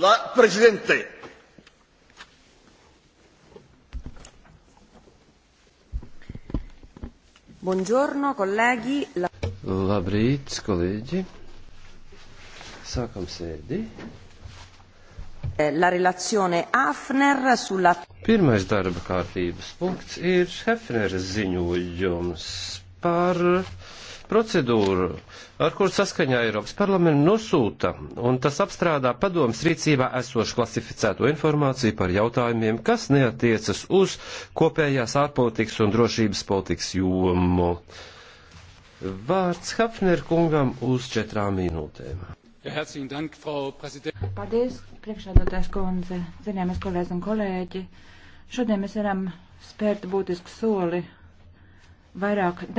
La Presidente. Buongiorno, colleghi. La... Labrīt, kolēģi. Sākam sēdi. Eh, la relazione Hafner sulla... Pirmais darba kārtības punkts ir Hefneres ziņojums par procedūru, ar kur saskaņā Eiropas parlamenta nosūta un tas apstrādā padomas rīcībā esošu klasificēto informāciju par jautājumiem, kas neatiecas uz kopējās ārpolitikas un drošības politikas jomu. Vārds Hafner kungam uz četrām minūtēm. Paldies, priekšādātājs kundze, cienījamies kolēģis un kolēģi. Šodien mēs varam spērt būtisku soli vairāk